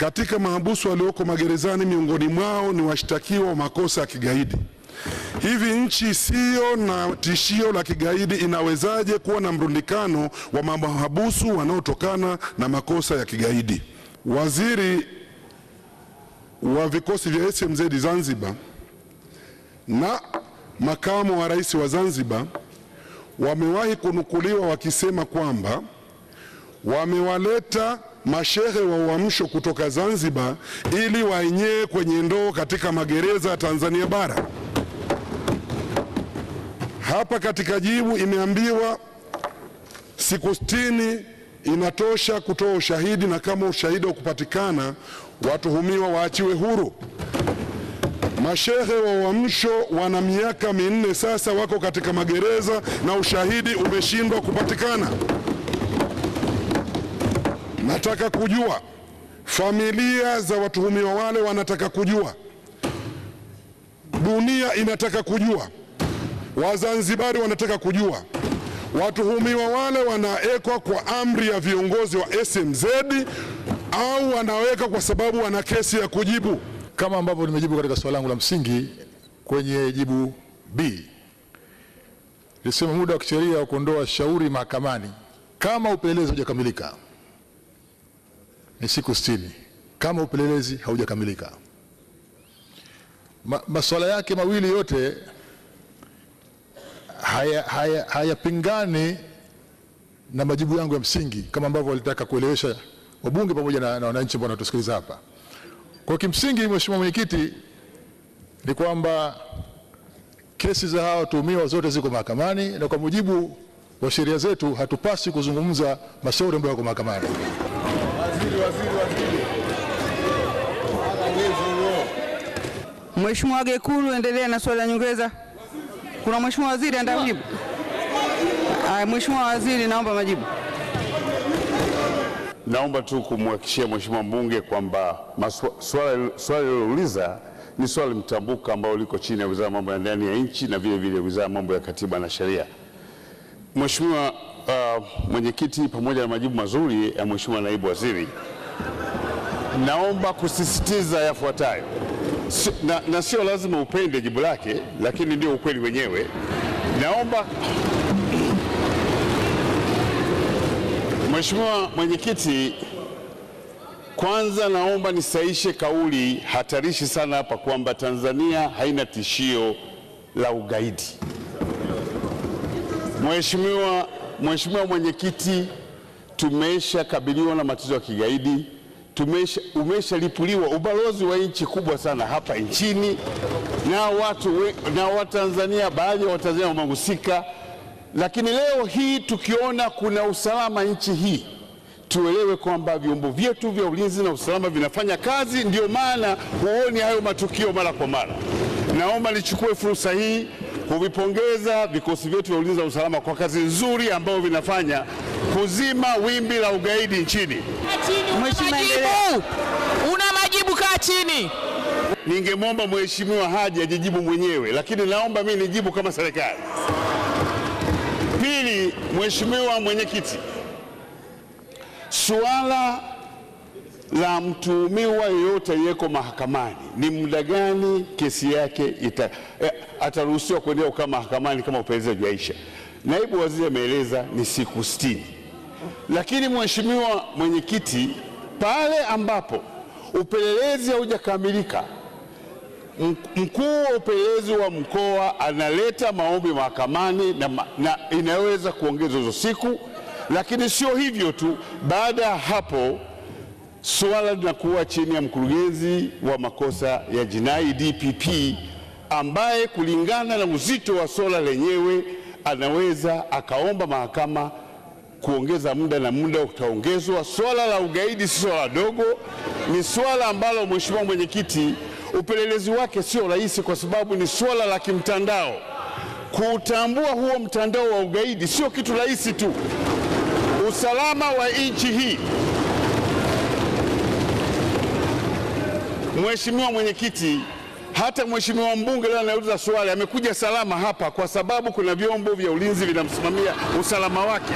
katika mahabusu walioko magerezani, miongoni mwao ni washtakiwa wa makosa ya kigaidi. Hivi nchi isiyo na tishio la kigaidi inawezaje kuwa na mrundikano wa mahabusu wanaotokana na makosa ya kigaidi? Waziri wa vikosi vya SMZ Zanzibar na makamu wa rais wa Zanzibar wamewahi kunukuliwa wakisema kwamba wamewaleta mashehe wa Uamsho kutoka Zanzibar ili waenyee kwenye ndoo katika magereza ya Tanzania bara. Hapa katika jibu imeambiwa siku sitini inatosha kutoa ushahidi, na kama ushahidi wa kupatikana watuhumiwa waachiwe huru. Mashehe wa Uamsho wana miaka minne sasa, wako katika magereza na ushahidi umeshindwa kupatikana. Nataka kujua familia za watuhumiwa wale wanataka kujua, dunia inataka kujua, Wazanzibari wanataka kujua. Watuhumiwa wale wanawekwa kwa amri ya viongozi wa SMZ au wanaweka kwa sababu wana kesi ya kujibu? Kama ambavyo nimejibu katika swali langu la msingi kwenye jibu B, nilisema muda wa kisheria wa kuondoa shauri mahakamani kama upelelezi hujakamilika ni siku sitini kama upelelezi haujakamilika. Ma, masuala yake mawili yote hayapingani haya, haya na majibu yangu ya msingi kama ambavyo walitaka kuelewesha wabunge pamoja na wananchi ambao wanatusikiliza hapa. Kwa kimsingi, Mheshimiwa Mwenyekiti, ni kwamba kesi za hawa watuhumiwa zote ziko mahakamani na kwa mujibu wa sheria zetu hatupasi kuzungumza mashauri ambayo yako mahakamani. Mheshimiwa Gekuru, endelea na swali la nyongeza. Kuna Mheshimiwa Waziri anataka kujibu. Mheshimiwa Waziri, naomba majibu. Naomba tu kumhakikishia Mheshimiwa mbunge kwamba swali lilouliza ni swali mtambuka ambayo liko chini ya Wizara ya Mambo ya Ndani ya Nchi na vile vile Wizara ya Mambo ya Katiba na Sheria. Mheshimiwa uh, mwenyekiti, pamoja na majibu mazuri ya Mheshimiwa naibu waziri, naomba kusisitiza yafuatayo na, na sio lazima upende jibu lake, lakini ndio ukweli wenyewe. Naomba Mheshimiwa Mwenyekiti, kwanza naomba nisaishe kauli hatarishi sana hapa kwamba Tanzania haina tishio la ugaidi. Mheshimiwa Mheshimiwa Mwenyekiti, tumeshakabiliwa na matatizo ya kigaidi tumesha umeshalipuliwa ubalozi wa nchi kubwa sana hapa nchini, na watu na Watanzania, baadhi ya Watanzania wamehusika. Lakini leo hii tukiona kuna usalama nchi hii, tuelewe kwamba vyombo vyetu vya ulinzi na usalama vinafanya kazi, ndio maana huoni hayo matukio mara kwa mara. Naomba nichukue fursa hii kuvipongeza vikosi vyetu vya ulinzi na usalama kwa kazi nzuri ambayo vinafanya kuzima wimbi la ugaidi nchini. una majibu, kaa chini. Ningemwomba Mheshimiwa Haji ajijibu mwenyewe, lakini naomba mimi nijibu kama serikali. Pili, Mheshimiwa Mwenyekiti, suala la mtuhumiwa yeyote aliyeko mahakamani ni muda gani kesi yake ita, eh, ataruhusiwa kuendelea kukaa mahakamani kama upelelezi haujaisha? Naibu Waziri ameeleza ni siku sitini. Lakini mheshimiwa mwenyekiti, pale ambapo upelelezi haujakamilika, mkuu wa upelelezi wa mkoa analeta maombi mahakamani na, na inaweza kuongeza hizo siku. Lakini sio hivyo tu, baada ya hapo suala linakuwa chini ya mkurugenzi wa makosa ya jinai DPP, ambaye kulingana na uzito wa suala lenyewe anaweza akaomba mahakama kuongeza muda na muda utaongezwa. Swala la ugaidi si swala dogo, ni swala ambalo Mheshimiwa Mwenyekiti, upelelezi wake sio rahisi, kwa sababu ni swala la kimtandao. Kuutambua huo mtandao wa ugaidi sio kitu rahisi tu. Usalama wa nchi hii, Mheshimiwa Mwenyekiti, hata mheshimiwa mbunge leo anauliza swali, amekuja salama hapa kwa sababu kuna vyombo vya ulinzi vinamsimamia usalama wake.